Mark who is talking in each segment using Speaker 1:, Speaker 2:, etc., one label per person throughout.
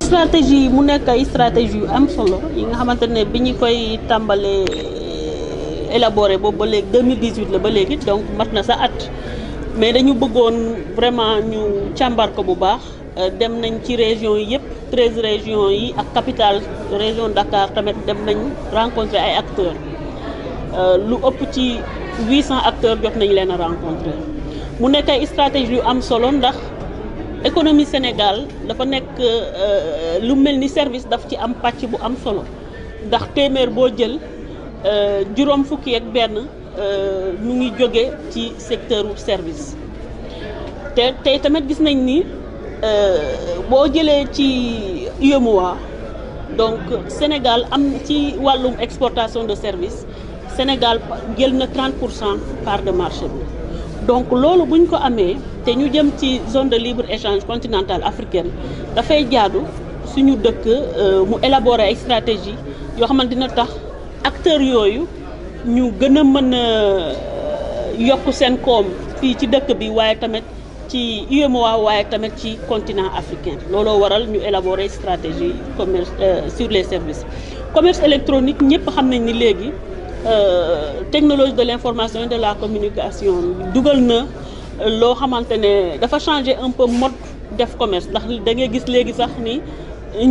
Speaker 1: stratégie mu nekk ay stratégie yu am solo yi nga xamante ne bi ñu koy tàmbalee élaboré boobu ba léegi 2018 la ba léegi donc mat na sa at mais dañu bëggoon vraiment ñu càmbar ko bu baax Euh, dem nañ ci région yi 13 régions yi ak capitale région Dakar tamit dem nañ rencontrer ay acteurs euh, lu ëpp ci 800 acteurs jot nañ leen a rencontrer mu nekk ay stratégie yu am solo ndax économie Sénégal dafa nekk euh, lu mel ni service daf ci am pàcc bu am solo ndax téeméer boo jël juróom fukki ak benn mu ngi jóge ci secteur service te tey tamit gis nañ ni. Euh, boo jëlee ci UEMOA donc Sénégal am ci wàllum exportation de service Sénégal jël na 30 pour cent par de marché bi donc loolu buñ ko amee te ñu jëm ci zone de libre échange continentale africaine dafay jaadu suñu dëkk euh, mu élaborer ay stratégie yoo xamante dina tax acteur yooyu ñu gën a mën a euh, yokk seen koom fii ci dëkk bi waaye tamit ci UEMOA waaye tamit ci continent africain looloo waral ñu élaborer stratégie commerce euh, sur les services commerce électronique ñëpp xam nañ ni léegi euh, technologie de l'information et de la communication dugal na euh, loo xamante ne dafa changer un peu mode def commerce ndax da ngay gis léegi sax ni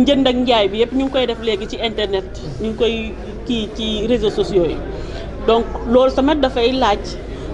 Speaker 1: njënd ak njaay bi yëpp ñu koy def léegi ci internet ñu ngi koy kii ci réseaux sociaux yi donc loolu tamit dafay laaj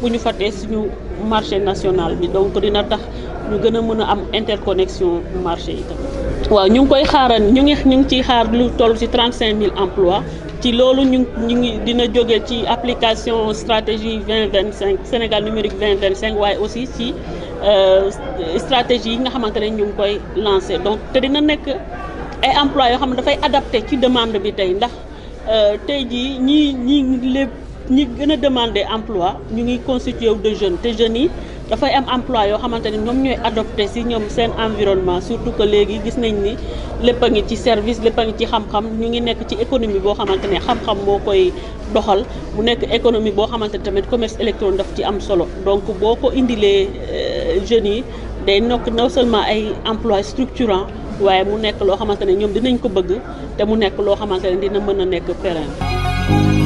Speaker 1: bu ñu fàttee suñu marché national bi donc dina tax ñu gën a mën a am interconnexion marché yi tamit waaw ñu ngi koy xaaran ñu ngi ñu ngi ciy xaar lu toll ci trente cinq mille emplois ci loolu ñu ñu ngi dina jóge ci application stratégie vingt vingt cinq Sénégal numérique vingt vingt cinq waaye aussi ci euh, stratégie yi nga xamante ne ñu ngi koy lancé donc te dina nekk ay emplois yoo xam ne dafay adapté ci demande bi tey ndax euh, tey jii ñii ñii lépp ñi gën a demander emploi ñu ngi constitué wu de jeune te jeunes yi dafay am emploi yoo xamante ne ñoom ñooy adopté si ñoom seen environnement surtout ko léegi gis nañ ni lépp a ngi ci service lépp ci xam-xam ñu ngi nekk ci économie boo xamante ne xam-xam moo koy doxal mu nekk économie boo xamante ne tamit commerce électronique daf ci am solo donc boo ko indilee euh, jeunes yi day nokk non seulement ay emploi structurant waaye mu nekk loo xamante ne ñoom dinañ ko bëgg te mu nekk loo xamante ne dina mën a nekk